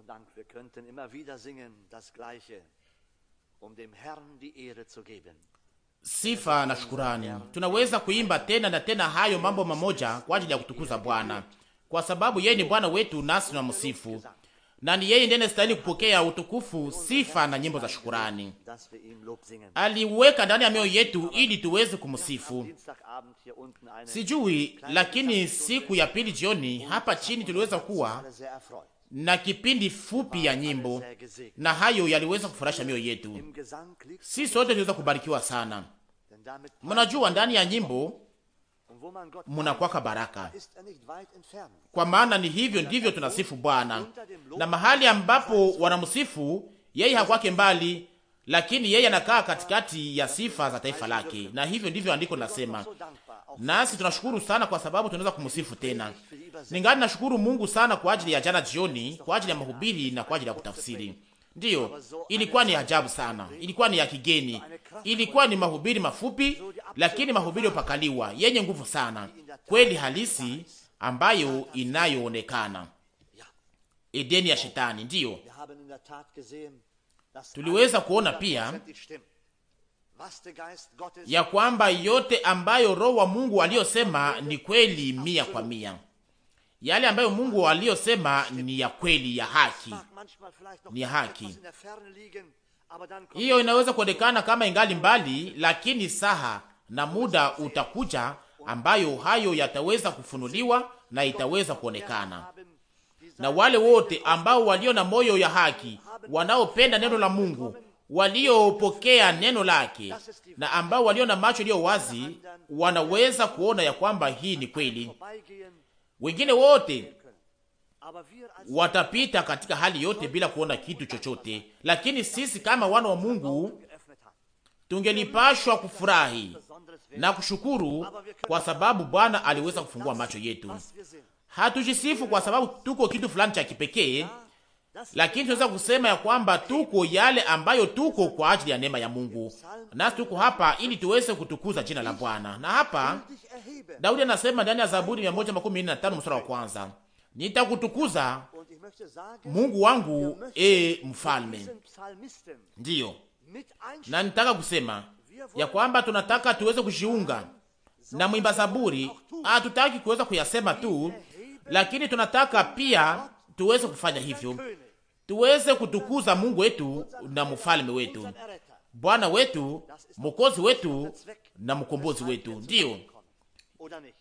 und Dank, wir könnten immer wieder singen das Gleiche, um dem Herrn die Ehre zu geben. Sifa na shukurani, tunaweza kuimba tena na tena hayo mambo mamoja kwa ajili ya kutukuza Bwana, kwa sababu yeye ni Bwana wetu, nasi msifu, na ni yeye ndiye anastahili kupokea utukufu, sifa na nyimbo za shukurani. Aliweka ndani ya mioyo yetu ili tuweze kumsifu. Sijui, lakini siku ya pili jioni hapa chini tuliweza kuwa na kipindi fupi ya nyimbo, na hayo yaliweza kufurahisha mioyo yetu. si sote tuliweza kubarikiwa sana. Mnajua, ndani ya nyimbo munakwaka baraka, kwa maana ni hivyo ndivyo tunasifu Bwana, na mahali ambapo wanamsifu yeye hakwake mbali lakini yeye anakaa katikati ya sifa za taifa lake, na hivyo ndivyo andiko linasema. Nasi tunashukuru sana kwa sababu tunaweza kumsifu tena. Ningali nashukuru Mungu sana kwa ajili ya jana jioni, kwa ajili ya mahubiri na kwa ajili ya kutafsiri. Ndiyo, ilikuwa ni ajabu sana, ilikuwa ni ya kigeni, ilikuwa ni mahubiri mafupi, lakini mahubiri yopakaliwa yenye nguvu sana, kweli halisi ambayo inayoonekana Edeni ya Shetani. Ndiyo Tuliweza kuona pia ya kwamba yote ambayo Roho wa Mungu aliyosema ni kweli mia kwa mia. Yale ambayo Mungu aliyosema ni ya kweli, ya haki, ni ya haki. Hiyo inaweza kuonekana kama ingali mbali, lakini saha na muda utakuja ambayo hayo yataweza kufunuliwa na itaweza kuonekana na wale wote ambao walio na moyo ya haki, wanaopenda neno la Mungu, waliopokea neno lake na ambao walio na macho iliyo wazi, wanaweza kuona ya kwamba hii ni kweli. Wengine wote watapita katika hali yote bila kuona kitu chochote, lakini sisi kama wana wa Mungu tungelipashwa kufurahi na kushukuru kwa sababu Bwana aliweza kufungua macho yetu. Hatujisifu kwa sababu tuko kitu fulani cha kipekee, lakini tunaweza kusema ya kwamba tuko yale ambayo tuko kwa ajili ya neema ya Mungu, nasi tuko hapa ili tuweze kutukuza jina la Bwana. Na hapa Daudi anasema ndani ya Zaburi 145 mstari wa kwanza, nitakutukuza Mungu wangu, e mfalme. Ndiyo, na nitaka kusema ya kwamba tunataka tuweze kujiunga na mwimba Zaburi. Hatutaki kuweza kuyasema tu, lakini tunataka pia tuweze kufanya hivyo, tuweze kutukuza Mungu wetu na mfalme wetu, Bwana wetu, mwokozi wetu na mkombozi wetu. Ndiyo,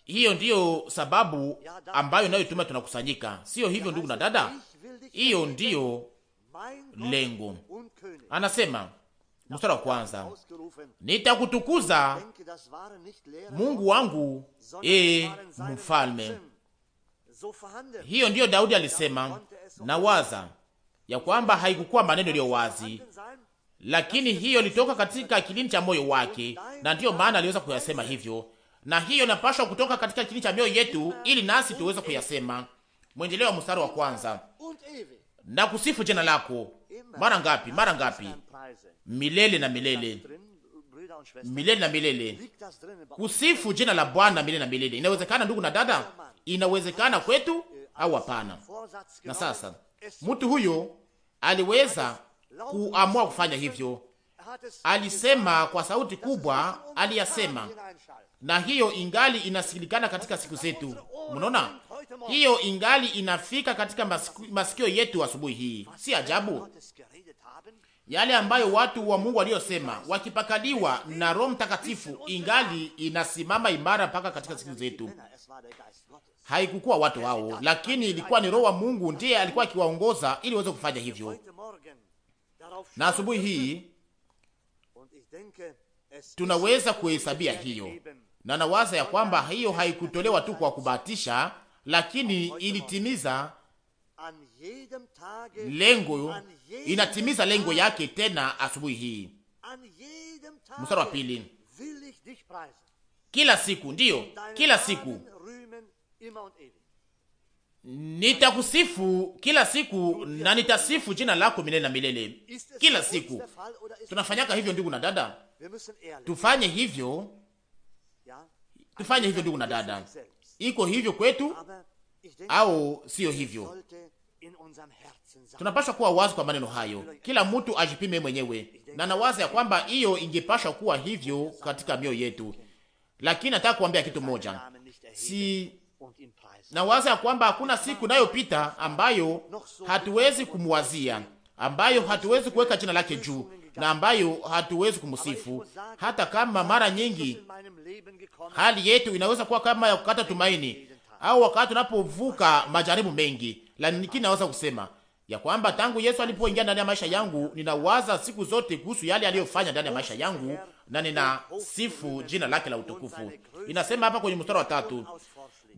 hiyo ndiyo sababu ambayo inayotuma tunakusanyika, siyo hivyo ndugu na dada? Hiyo ndiyo lengo. Anasema mstari wa kwanza, nitakutukuza Mungu wangu, e mfalme hiyo ndiyo Daudi alisema, na waza ya kwamba haikukuwa maneno yaliyo wazi, lakini hiyo ilitoka katika kilini cha moyo wake, na ndiyo maana aliweza kuyasema hivyo, na hiyo inapashwa kutoka katika kilini cha mioyo yetu, ili nasi tuweze kuyasema. Mwendeleo wa mstari wa kwanza, na kusifu jina lako mara ngapi? Mara ngapi? Milele na milele, milele na milele, kusifu jina la Bwana milele na milele. Inawezekana ndugu na dada inawezekana kwetu au hapana. Na sasa mtu huyo aliweza kuamua kufanya hivyo, alisema kwa sauti kubwa, aliyasema, na hiyo ingali inasikilikana katika siku zetu. Mnaona, hiyo ingali inafika katika masikio yetu asubuhi hii. Si ajabu yale ambayo watu wa Mungu waliosema wakipakaliwa na Roho Mtakatifu ingali inasimama imara mpaka katika siku zetu haikukuwa watu wao, lakini ilikuwa ni Roho wa Mungu ndiye alikuwa akiwaongoza ili waweze kufanya hivyo. Na asubuhi hii tunaweza kuhesabia hiyo, na nawaza ya kwamba hiyo haikutolewa tu kwa kubahatisha, lakini ilitimiza lengo, inatimiza lengo yake tena asubuhi hii. Mstari wa pili, kila siku ndiyo, kila siku Nitakusifu kila siku na nitasifu jina lako milele na milele. Kila siku tunafanyaka hivyo, ndugu na dada, tufanye hivyo, tufanye hivyo, ndugu na dada. Iko hivyo kwetu au sio hivyo? tunapashwa kuwa wazi kwa maneno hayo, kila mtu ajipime mwenyewe, na nawaza ya kwamba hiyo ingepasha kuwa hivyo katika mioyo yetu, lakini nataka kuambia kitu moja, si na waza ya kwamba hakuna siku inayopita ambayo hatuwezi kumwazia, ambayo hatuwezi kuweka jina lake juu na ambayo hatuwezi kumsifu, hata kama mara nyingi hali yetu inaweza kuwa kama ya kukata tumaini au wakati unapovuka majaribu mengi, lakini naweza kusema ya kwamba tangu Yesu alipoingia ndani ya maisha yangu, ninawaza siku zote kuhusu yale aliyofanya ndani ya maisha yangu na ninasifu jina lake la utukufu. Inasema hapa kwenye mstari wa tatu,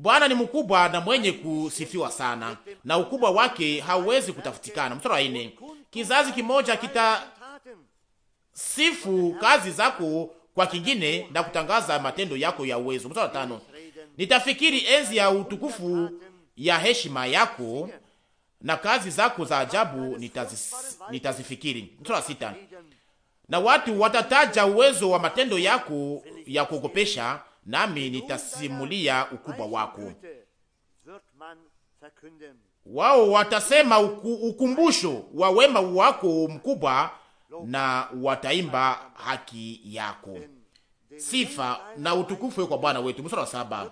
Bwana ni mkubwa na mwenye kusifiwa sana, na ukubwa wake hauwezi kutafutikana. Mstari wa nne, kizazi kimoja kitasifu kazi zako kwa kingine na kutangaza matendo yako ya uwezo. Mstari wa tano, nitafikiri enzi ya utukufu ya heshima yako na kazi zako za ajabu nitazi, nitazifikiri. Mstari wa sita, na watu watataja uwezo wa matendo yako ya kuogopesha nami nitasimulia ukubwa wako. Wao watasema uku, ukumbusho wa wema wako mkubwa, na wataimba haki yako. Sifa na utukufu kwa Bwana wetu. Mstari wa saba.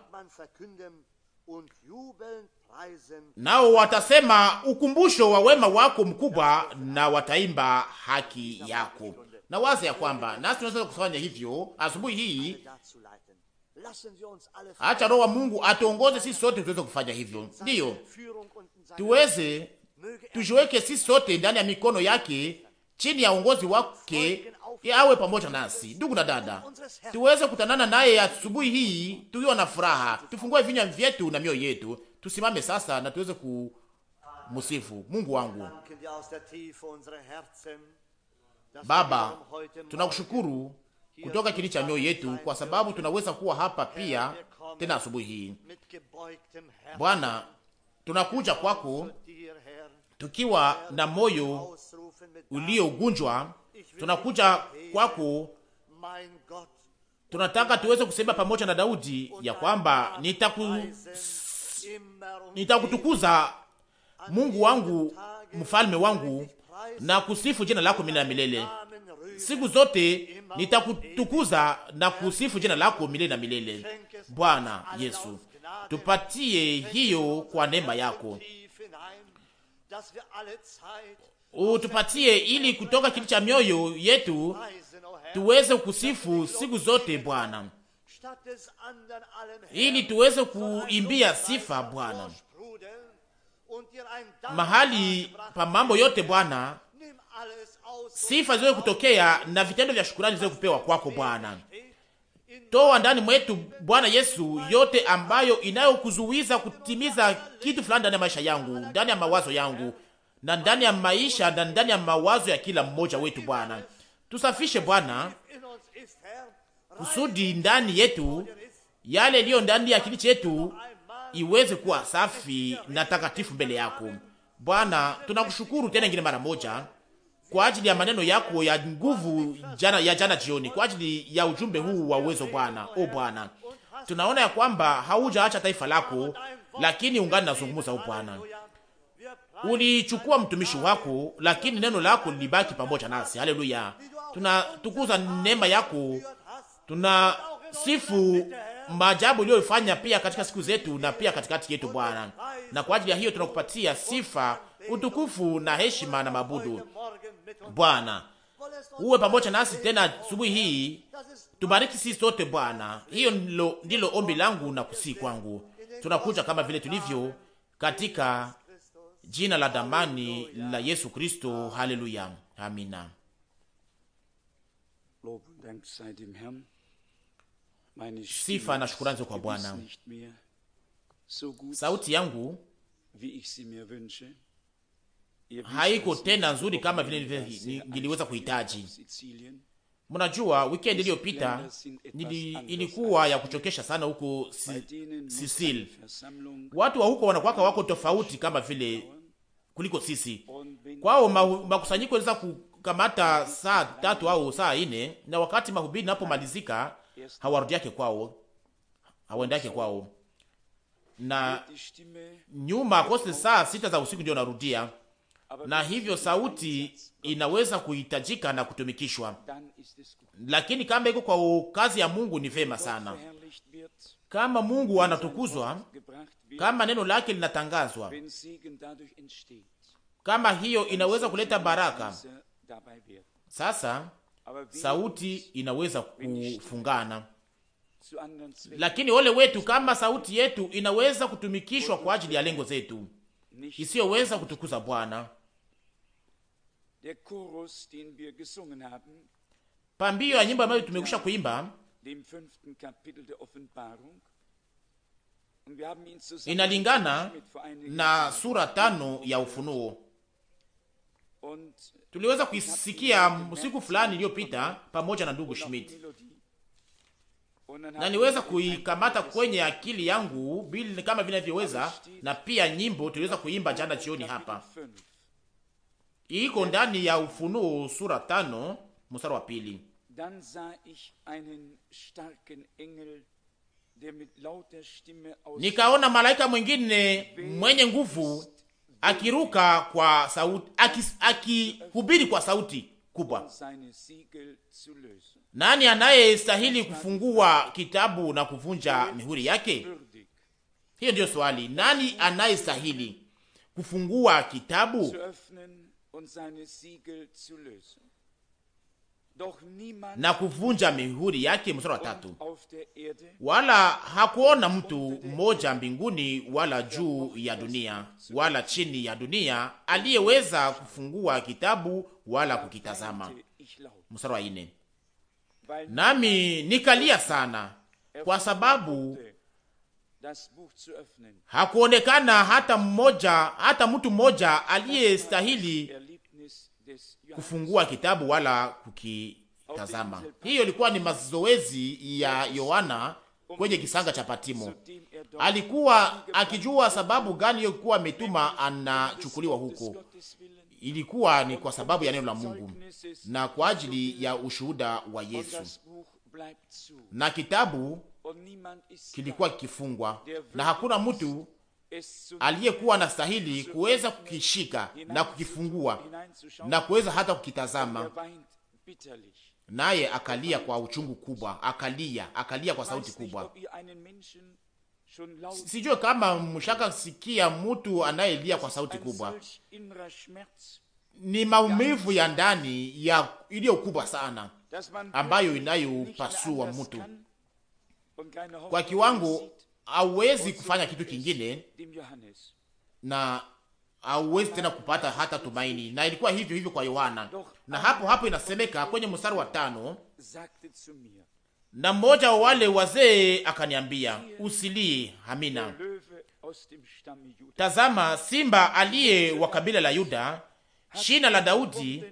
Nao watasema ukumbusho wa wema wako mkubwa, na wataimba haki yako. Na waza ya kwamba nasi tunaweza kufanya hivyo asubuhi hii Acha Roho wa Mungu atuongoze sisi sote tuweze kufanya hivyo, ndiyo tuweze er tujiweke sisi sote ndani ya mikono yake, chini ya uongozi wake, awe pamoja nasi. Ndugu na dada, tuweze kutanana naye asubuhi hii tukiwa na furaha, tufungue vinywa vyetu na mioyo yetu. Tusimame sasa na tuweze kumsifu Mungu wangu. Baba, tunakushukuru kutoka kini cha mioyo yetu, kwa sababu tunaweza kuwa hapa pia tena asubuhi hii. Bwana, tunakuja kwako tukiwa na moyo uliogunjwa, tunakuja kwako, tunataka tuweze kusema pamoja na Daudi ya kwamba nitaku nitakutukuza Mungu wangu, mfalme wangu, na kusifu jina lako milele na milele siku zote nitakutukuza na kusifu jina lako milele na milele. Bwana Yesu, tupatie hiyo kwa neema yako, utupatie ili kutoka kiti cha mioyo yetu tuweze kusifu siku zote Bwana, ili tuweze kuimbia sifa Bwana mahali pa mambo yote Bwana sifa ziwe kutokea na vitendo vya shukurani ziwe kupewa kwako Bwana. Toa ndani mwetu Bwana Yesu yote ambayo inayokuzuiza kutimiza kitu fulani ndani ya maisha yangu, ndani ya mawazo yangu, na ndani ya maisha na ndani ya mawazo ya kila mmoja wetu Bwana. Tusafishe Bwana kusudi ndani yetu yale iliyo ndani ya kili chetu iweze kuwa safi na takatifu mbele yako Bwana. Tunakushukuru tena ingine mara moja kwa ajili ya maneno yako ya nguvu jana, ya jana jioni, kwa ajili ya ujumbe huu wa uwezo Bwana. O Bwana, tunaona ya kwamba haujaacha taifa lako, lakini ungani nazungumza. O Bwana, ulichukua mtumishi wako, lakini neno lako libaki pamoja nasi. Haleluya, tunatukuza neema yako, tuna sifu maajabu uliyofanya pia katika siku zetu na pia katikati yetu Bwana, na kwa ajili ya hiyo tunakupatia sifa utukufu na heshima na mabudu. Bwana uwe pamoja nasi tena asubuhi hii, tubariki sisi sote Bwana. Hiyo ndilo ombi langu na kusii kwangu. Tunakuja kama vile tulivyo katika jina la damani la Yesu Kristo. Haleluya, amina. Sifa na shukurani kwa Bwana. Sauti yangu haiko tena nzuri kama vile niliweza kuhitaji. Mnajua, weekend iliyopita ilikuwa ya kuchokesha sana huko Sicily. Watu wa huko wanakwaka wako tofauti kama vile kuliko sisi. Kwao makusanyiko iliweza kukamata saa tatu au saa ine, na wakati mahubiri napomalizika hawarudi yake kwao, hawaendi yake kwao, na nyuma kose saa sita za usiku ndio narudia na hivyo sauti inaweza kuhitajika na kutumikishwa, lakini kama iko kwa kazi ya Mungu ni vema sana. Kama Mungu anatukuzwa, er kama neno lake linatangazwa, kama hiyo inaweza kuleta baraka, sasa sauti inaweza kufungana. Lakini ole wetu kama sauti yetu inaweza kutumikishwa kwa ajili ya lengo zetu isiyoweza kutukuza Bwana. Pambio ya nyimbo ambayo tumekwisha kuimba inalingana na sura tano ya Ufunuo. Tuliweza kuisikia siku fulani iliyopita pamoja na ndugu Schmidt, na niweza er kuikamata kwenye akili yangu bili kama vinavyoweza, navyoweza, na pia nyimbo tuliweza kuimba jana jioni hapa iko ndani ya Ufunuo sura tano mstari wa pili. Nikaona malaika mwingine mwenye nguvu akiruka kwa sauti, akihubiri aki kwa sauti kubwa, um nani anayestahili kufungua kitabu na kuvunja mihuri yake? Hiyo ndiyo swali, nani anayestahili kufungua kitabu na kuvunja mihuri yake. Mstari wa tatu, wala hakuona mtu mmoja mbinguni wala juu ya dunia wala chini ya dunia aliyeweza kufungua kitabu wala kukitazama. Mstari wa ine, nami nikalia sana kwa sababu hakuonekana hata mmoja hata mtu mmoja aliyestahili kufungua kitabu wala kukitazama. Hiyo ilikuwa ni mazoezi ya Yohana kwenye kisanga cha Patimo. Alikuwa akijua sababu gani yokuwa ametuma anachukuliwa huko. Ilikuwa ni kwa sababu ya neno la Mungu na kwa ajili ya ushuhuda wa Yesu, na kitabu kilikuwa kikifungwa na hakuna mtu aliyekuwa anastahili kuweza kukishika na kukifungua na kuweza hata kukitazama, naye akalia kwa uchungu kubwa, akalia akalia kwa sauti kubwa. Sijue kama mshaka sikia mtu anayelia kwa sauti kubwa, ni maumivu ya ndani ya iliyo kubwa sana ambayo inayopasua mtu kwa kiwango hauwezi kufanya kitu kingine na hauwezi tena kupata hata tumaini, na ilikuwa hivyo hivyo kwa Yohana. Na hapo hapo inasemeka kwenye mstari wa tano, na mmoja wa wale wazee akaniambia, usilie Amina, tazama simba aliye wa kabila la Yuda, shina la Daudi,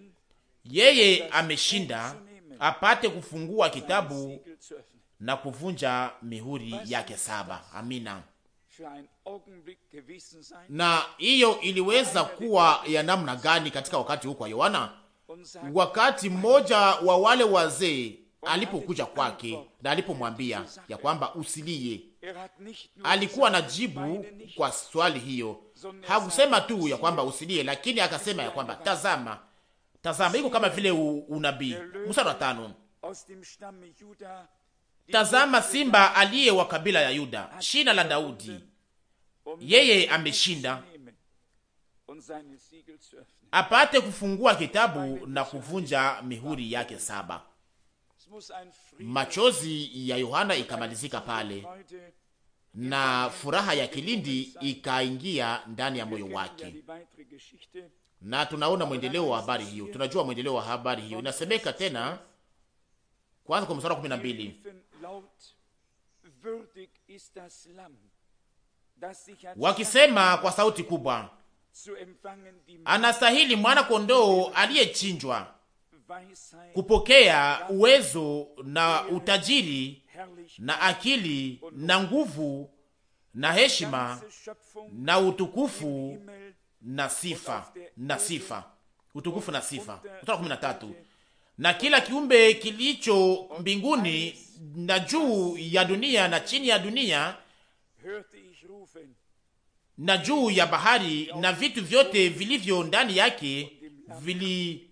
yeye ameshinda apate kufungua kitabu na kuvunja mihuri yake saba. Amina. Na hiyo iliweza kuwa ya namna gani katika wakati huu kwa Yohana? Wakati mmoja wa wale wazee alipokuja kwake na alipomwambia ya kwamba usilie, alikuwa na jibu kwa swali hiyo. Hakusema tu ya kwamba usilie, lakini akasema ya kwamba tazama, tazama, iko kama vile unabii. Mstari wa tano Tazama simba aliye wa kabila ya Yuda, shina la Daudi, yeye ameshinda apate kufungua kitabu na kuvunja mihuri yake saba. Machozi ya Yohana ikamalizika pale na furaha ya kilindi ikaingia ndani ya moyo wake, na tunaona mwendeleo wa habari hiyo, tunajua mwendeleo wa habari hiyo. Inasemeka tena kwanza kwa mstari wa kumi na mbili wakisema kwa sauti kubwa, anastahili mwana kondoo aliyechinjwa kupokea uwezo na utajiri na akili na nguvu na heshima na utukufu na sifa na sifa utukufu na sifa. kumi na tatu. Na kila kiumbe kilicho mbinguni na juu ya dunia na chini ya dunia na juu ya bahari na vitu vyote vilivyo ndani yake vili,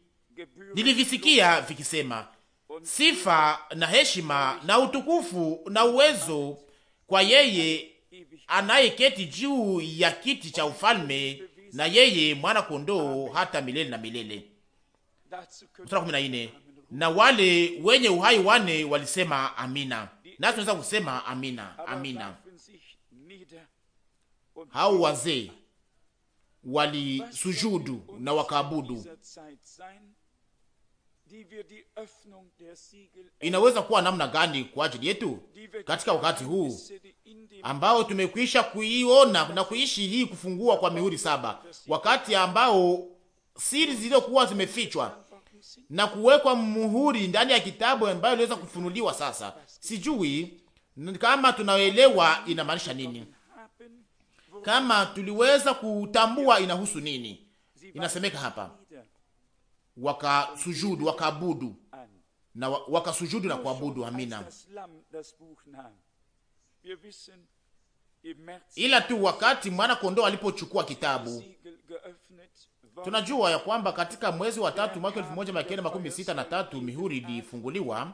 nilivisikia vikisema, sifa na heshima na utukufu na uwezo kwa yeye anayeketi juu ya kiti cha ufalme na yeye mwana kondoo hata milele na milele na wale wenye uhai wane walisema amina, na tunaweza kusema amina, amina. Hao wazee walisujudu na wakaabudu. Inaweza kuwa namna gani kwa ajili yetu katika wakati huu ambao tumekwisha kuiona na kuishi hii kufungua kwa mihuri saba, wakati ambao siri zilizokuwa zimefichwa na kuwekwa muhuri ndani ya kitabu ambayo iliweza kufunuliwa sasa. Sijui kama tunaelewa inamaanisha nini, kama tuliweza kutambua inahusu nini. Inasemeka hapa wakasujudu, wakaabudu na wakasujudu na kuabudu. Amina. Ila tu wakati mwana kondoo alipochukua kitabu Tunajua ya kwamba katika mwezi wa tatu mwaka elfu moja mia kenda makumi sita na tatu mihuri ilifunguliwa.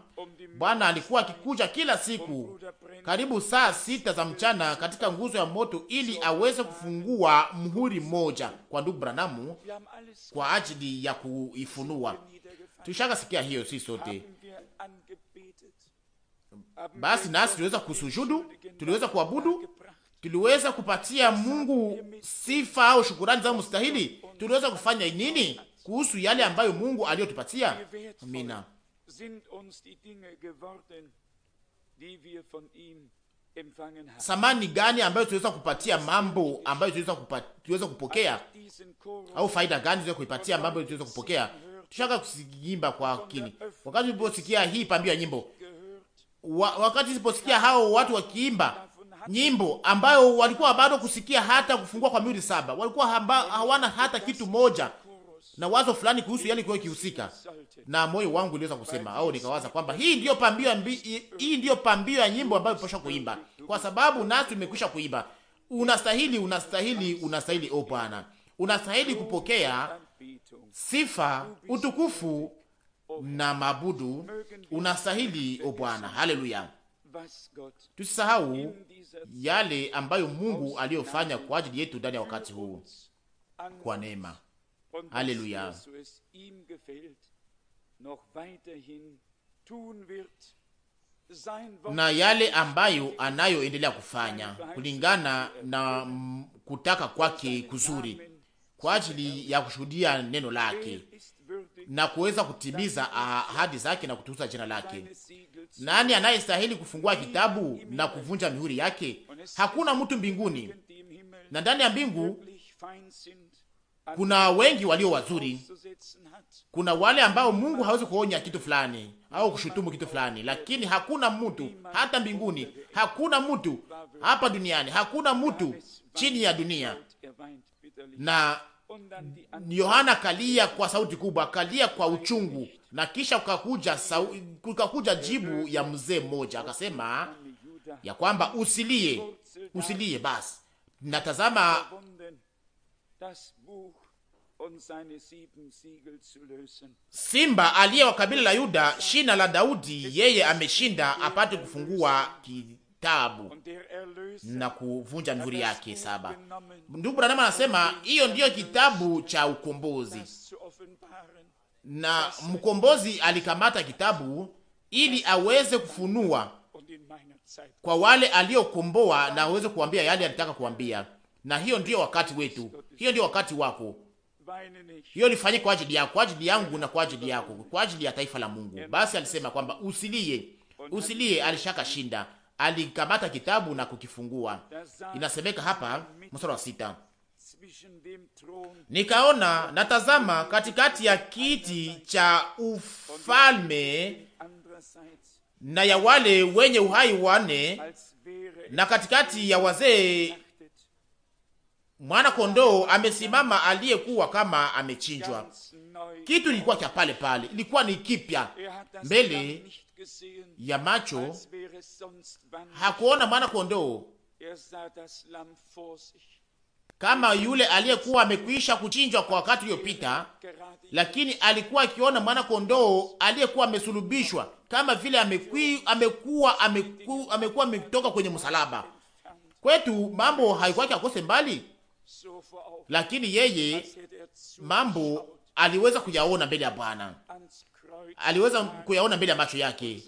Bwana alikuwa akikuja kila siku karibu saa sita za mchana katika nguzo ya moto, ili aweze kufungua mhuri mmoja kwa ndugu Branamu kwa ajili ya kuifunua. Tushaka sikia hiyo, si sote basi? Nasi tuliweza kusujudu, tuliweza kuabudu, tuliweza kupatia Mungu sifa au shukurani za mustahili tunaweza kufanya nini kuhusu yale ambayo Mungu aliyotupatia? Amina. Samani gani ambayo tuweza kupatia mambo ambayo tuweza kupa, kupokea au faida gani tuweza kuipatia mambo ambayo tuweza kupokea? Tushaka kusiimba kwa kini. Wakati uliposikia hii pambio ya nyimbo wa, wakati uliposikia hao watu wakiimba nyimbo ambayo walikuwa bado kusikia hata kufungua kwa mihuri saba, walikuwa hamba, hawana hata kitu moja na wazo fulani kuhusu yale kwa kihusika, na moyo wangu uliweza kusema au nikawaza kwamba hii ndiyo pambio mbi, hii ndiyo pambio ya nyimbo ambayo tunapaswa kuimba, kwa sababu nasi tumekwisha kuimba. Unastahili, unastahili, unastahili, o oh Bwana, unastahili kupokea sifa, utukufu na mabudu. Unastahili, o oh Bwana. Haleluya. Tusisahau yale ambayo Mungu aliyofanya kwa ajili yetu ndani ya wakati huu kwa neema. Haleluya! na yale ambayo anayoendelea kufanya kulingana na kutaka kwake kuzuri kwa ajili ya kushuhudia neno lake na kuweza kutimiza ah, ahadi zake na kutukuza jina lake. Nani anayestahili kufungua kitabu na kuvunja mihuri yake? Hakuna mtu mbinguni na ndani ya mbingu. Kuna wengi walio wazuri, kuna wale ambao Mungu hawezi kuonya kitu fulani au kushutumu kitu fulani, lakini hakuna mtu hata mbinguni, hakuna mtu hapa duniani, hakuna mtu chini ya dunia na Yohana kalia kwa sauti kubwa, kalia kwa uchungu, na kisha kukakuja kukakuja jibu ya mzee mmoja akasema ya kwamba usilie, usilie basi. Natazama simba aliye wa kabila la Yuda, shina la Daudi, yeye ameshinda apate kufungua ki, taabu na kuvunja mihuri yake saba. Ndugu Branamu anasema hiyo ndiyo kitabu cha ukombozi, na mkombozi alikamata kitabu ili aweze kufunua kwa wale aliokomboa na aweze kuambia yale alitaka kuambia. Na hiyo ndiyo wakati wetu, hiyo ndiyo wakati wako, hiyo lifanye kwa ajili yako, kwa ajili yangu na kwa ajili yako, kwa ajili ya taifa la Mungu. Basi alisema kwamba usilie, usilie, alishaka shinda alikamata kitabu na kukifungua. Inasemeka hapa mstari wa sita, nikaona natazama, katikati ya kiti cha ufalme na ya wale wenye uhai wane na katikati ya wazee mwana kondoo amesimama aliyekuwa kama amechinjwa. Kitu ilikuwa cha pale pale, ilikuwa ni kipya mbele ya macho hakuona mwana kondoo er kama yule aliyekuwa amekwisha kuchinjwa kwa wakati uliopita, lakini alikuwa akiona mwana kondoo aliyekuwa amesulubishwa kama vile amekui, amekuwa ameku, amekuwa ametoka kwenye msalaba. Kwetu mambo haikuwa akose mbali, lakini yeye er mambo aliweza kuyaona mbele ya Bwana aliweza kuyaona mbele ya macho yake,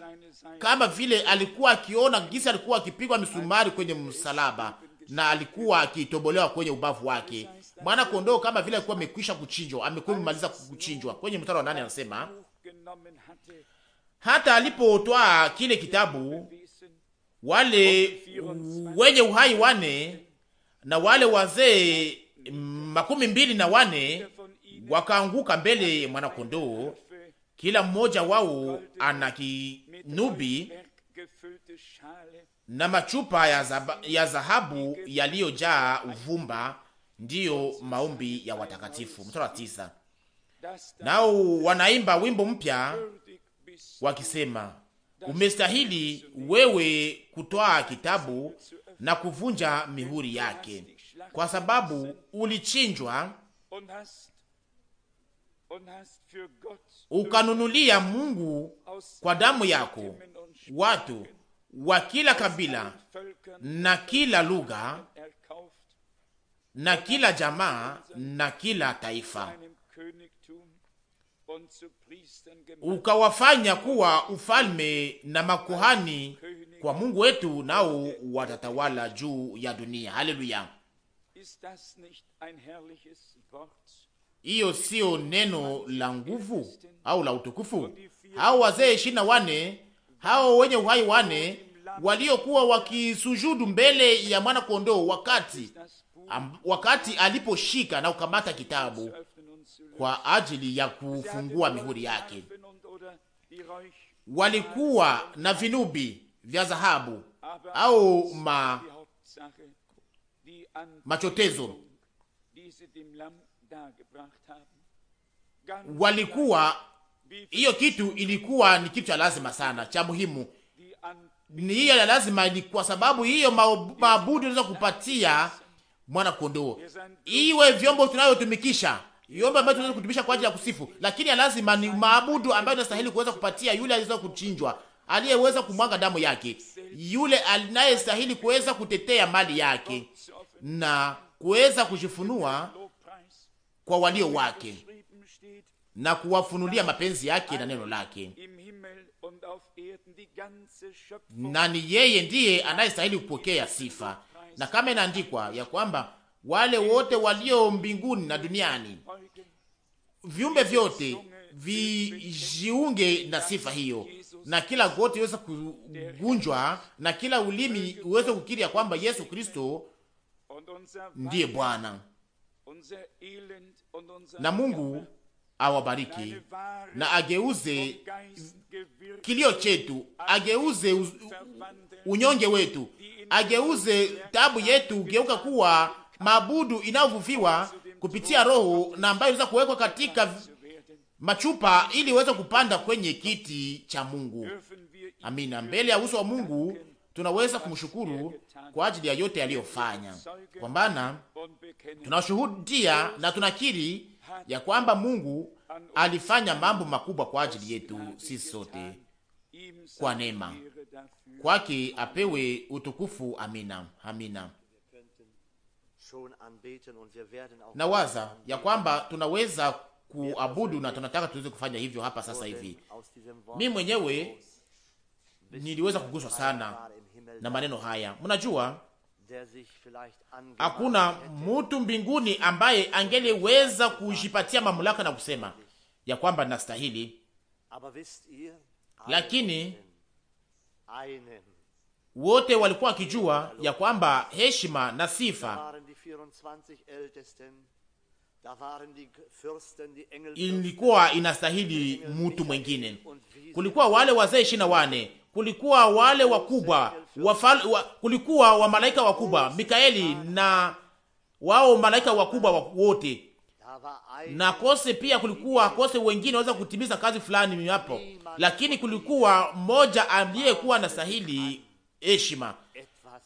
kama vile alikuwa akiona gisi alikuwa akipigwa misumari kwenye msalaba na alikuwa akitobolewa kwenye ubavu wake. Mwana kondoo kama vile alikuwa amekwisha kuchinjwa, amekuwa amemaliza kuchinjwa. Kwenye mtaro wa nane anasema hata alipotwaa kile kitabu, wale wenye uhai wane na wale wazee makumi mbili na wane wakaanguka mbele mwana kondoo, kila mmoja wao ana kinubi na machupa ya zahabu yaliyojaa uvumba, ndiyo maombi ya watakatifu. Mstari wa tisa, nao wanaimba wimbo mpya wakisema, umestahili wewe kutoa kitabu na kuvunja mihuri yake, kwa sababu ulichinjwa ukanunulia Mungu kwa damu yako watu wa kila kabila na kila lugha na kila jamaa na kila taifa, ukawafanya kuwa ufalme na makuhani kwa Mungu wetu, nao watatawala juu ya dunia. Haleluya! hiyo sio neno la nguvu au la utukufu? Hao wazee ishirini na wane hao wenye uhai wane waliokuwa wakisujudu mbele ya mwana kondoo wakati am, wakati aliposhika na kukamata kitabu kwa ajili ya kufungua mihuri yake, walikuwa na vinubi vya dhahabu au ma machotezo walikuwa hiyo kitu ilikuwa ni kitu cha lazima sana cha muhimu, ni hiyo ya lazima, ni kwa sababu hiyo maabudu inaweza kupatia mwana kondoo, iwe vyombo tunayotumikisha vyombo ambayo tunaweza kutumisha kwa ajili ya kusifu, lakini ya lazima ni maabudu ambayo inastahili kuweza kupatia yule aliyeweza kuchinjwa, aliyeweza kumwaga damu yake, yule anayestahili kuweza kutetea mali yake na kuweza kujifunua kwa walio wake na kuwafunulia mapenzi yake na neno lake, na ni yeye ndiye anayestahili kupokea sifa. Na kama inaandikwa ya kwamba wale wote walio mbinguni na duniani, viumbe vyote vijiunge na sifa hiyo, na kila goti iweze kugunjwa na kila ulimi uweze kukiri ya kwamba Yesu Kristo ndiye Bwana na Mungu awabariki na ageuze kilio chetu, ageuze unyonge wetu, ageuze tabu yetu geuka kuwa maabudu inayovuviwa kupitia Roho na ambayo inaweza kuwekwa katika machupa ili iweze kupanda kwenye kiti cha Mungu. Amina. Mbele ya uso wa Mungu tunaweza kumshukuru kwa ajili ya yote aliyofanya, kwa maana tunashuhudia na tunakiri ya kwamba Mungu alifanya mambo makubwa kwa ajili yetu sisi sote, kwa neema kwake apewe utukufu. Amina, amina. Na waza ya kwamba tunaweza kuabudu na tunataka tuweze kufanya hivyo hapa sasa hivi. Mi mwenyewe niliweza kuguswa sana na maneno haya. Mnajua hakuna mtu mbinguni ambaye angeliweza kujipatia mamlaka na kusema ya kwamba nastahili, lakini wote walikuwa wakijua ya kwamba heshima na sifa ilikuwa inastahili mtu mwengine. Kulikuwa wale wazee ishirini na wane, kulikuwa wale wakubwa wafal, wa, kulikuwa wamalaika wakubwa Mikaeli na wao malaika wakubwa wote na kose pia kulikuwa kose wengine waweza kutimiza kazi fulani hapo, lakini kulikuwa mmoja aliyekuwa na stahili heshima.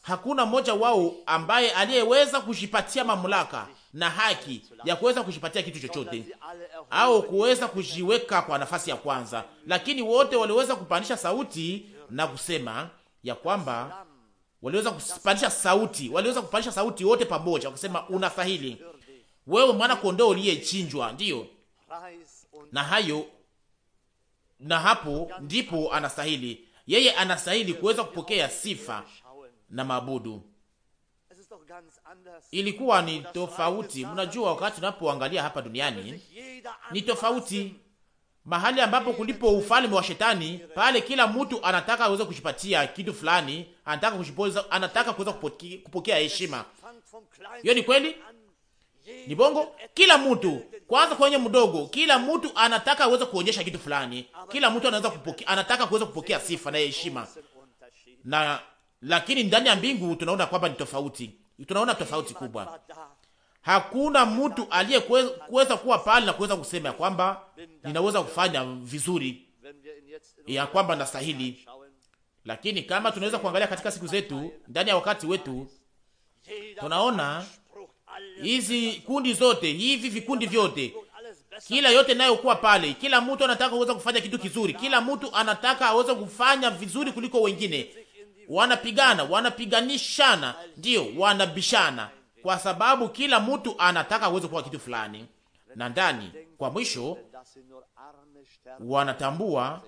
Hakuna mmoja wao ambaye aliyeweza kujipatia mamlaka na haki ya kuweza kujipatia kitu chochote au kuweza kujiweka kwa nafasi ya kwanza, lakini wote waliweza kupandisha sauti na kusema ya kwamba waliweza kupandisha sauti, waliweza kupandisha sauti wote pamoja kusema, unastahili wewe mwana kondoo uliyechinjwa. Ndiyo, na hayo na hapo ndipo anastahili yeye, anastahili kuweza kupokea sifa na maabudu ilikuwa ni tofauti. Mnajua, wakati unapoangalia hapa duniani ni tofauti mahali ambapo kulipo ufalme wa shetani, pale kila mtu anataka aweze kujipatia kitu fulani, anataka kujipoza, anataka kuweza kupokea heshima. Hiyo ni kweli, ni bongo. Kila mtu kwanza, kwenye mdogo, kila mtu anataka aweze kuonyesha kitu fulani, kila mtu anaweza kupokea, anataka kuweza kupokea sifa na heshima, na lakini ndani ya mbingu tunaona kwamba ni tofauti tunaona tofauti kubwa. Hakuna mtu aliyekuweza kuwa pale na kuweza kusema kwamba ninaweza kufanya vizuri ya kwamba nastahili, lakini kama tunaweza kuangalia katika siku zetu, ndani ya wakati wetu, tunaona hizi kundi zote, hivi vikundi vyote, kila yote nayokuwa pale, kila mtu anataka kuweza kufanya kitu kizuri, kila mtu anataka aweze kufanya vizuri kuliko wengine wanapigana, wanapiganishana, ndio wanabishana, kwa sababu kila mtu anataka aweze kuwa kitu fulani, na ndani kwa mwisho wanatambua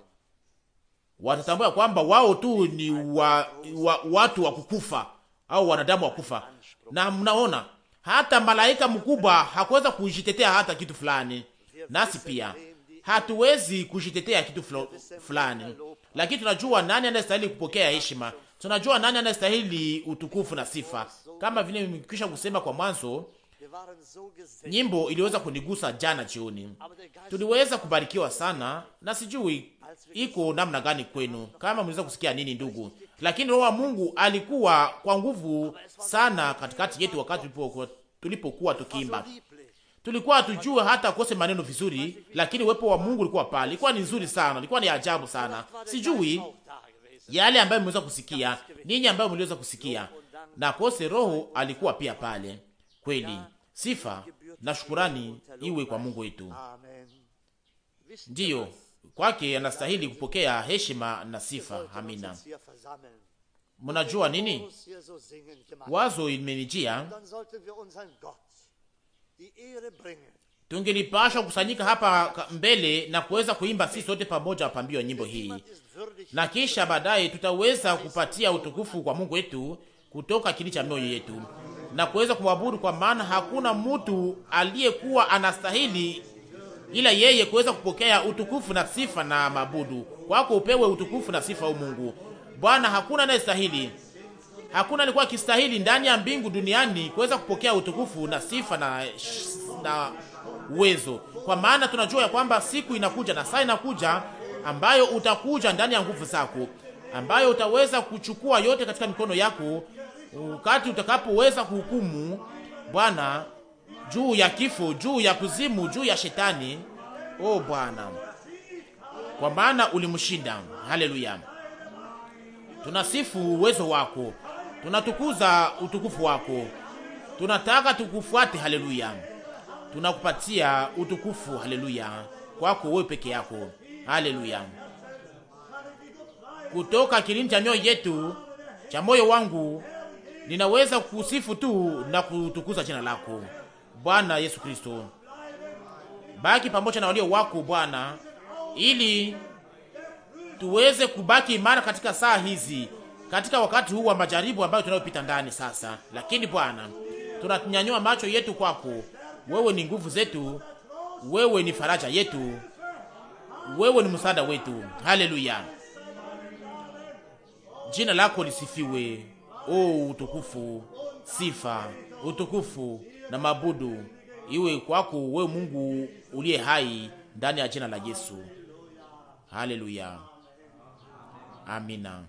watatambua kwamba wao tu ni wa, wa, watu wa kukufa au wanadamu wa kufa. Na mnaona hata malaika mkubwa hakuweza kujitetea hata kitu fulani, nasi pia hatuwezi kujitetea kitu fulani, lakini tunajua nani anayestahili kupokea heshima, tunajua nani anastahili utukufu na sifa. Kama vile nimekwisha kusema kwa mwanzo, nyimbo iliweza kunigusa jana jioni, tuliweza kubarikiwa sana, na sijui iko namna gani kwenu, kama mliweza kusikia nini ndugu, lakini roho wa Mungu alikuwa kwa nguvu sana katikati yetu wakati tulipokuwa tukiimba tulikuwa hatujue hata kose maneno vizuri, lakini uwepo wa Mungu ulikuwa pale. Ilikuwa ni nzuri sana, ilikuwa ni ajabu sana. Sijui yale ambayo mmeweza kusikia, ninyi ambayo mliweza kusikia, na kose Roho alikuwa pia pale kweli. Sifa na shukurani iwe kwa Mungu wetu, ndiyo kwake anastahili kupokea heshima na sifa. Amina. Mnajua nini, wazo imenijia tungelipasha kusanyika hapa mbele na kuweza kuimba sisi sote pamoja pambio ya nyimbo hii, na kisha baadaye tutaweza kupatia utukufu kwa Mungu wetu kutoka kili cha mioyo yetu na kuweza kumwabudu, kwa maana hakuna mtu aliyekuwa anastahili ila yeye kuweza kupokea utukufu na sifa na mabudu. Kwako upewe utukufu na sifa, u Mungu Bwana. Hakuna anayestahili, hakuna alikuwa akistahili ndani ya mbingu duniani kuweza kupokea utukufu na sifa na, na uwezo, kwa maana tunajua ya kwamba siku inakuja na saa inakuja ambayo utakuja ndani ya nguvu zako, ambayo utaweza kuchukua yote katika mikono yako wakati utakapoweza kuhukumu Bwana juu ya kifo, juu ya kuzimu, juu ya shetani. O oh, Bwana, kwa maana ulimshinda. Haleluya, tunasifu uwezo wako, tunatukuza utukufu wako, tunataka tukufuate. Haleluya tunakupatia utukufu. Haleluya, kwako wewe peke yako. Haleluya, kutoka kilindi cha mioyo yetu cha moyo wangu ninaweza kusifu tu na kutukuza jina lako Bwana Yesu Kristo. Baki pamoja na walio wako Bwana, ili tuweze kubaki imara katika saa hizi, katika wakati huu wa majaribu ambayo tunayopita ndani sasa. Lakini Bwana, tunanyanyua macho yetu kwako wewe ni nguvu zetu, wewe ni faraja yetu, wewe ni msaada wetu. Haleluya, jina lako lisifiwe. O utukufu, sifa, utukufu na mabudu iwe kwako wewe Mungu uliye hai, ndani ya jina la Yesu. Haleluya, amina.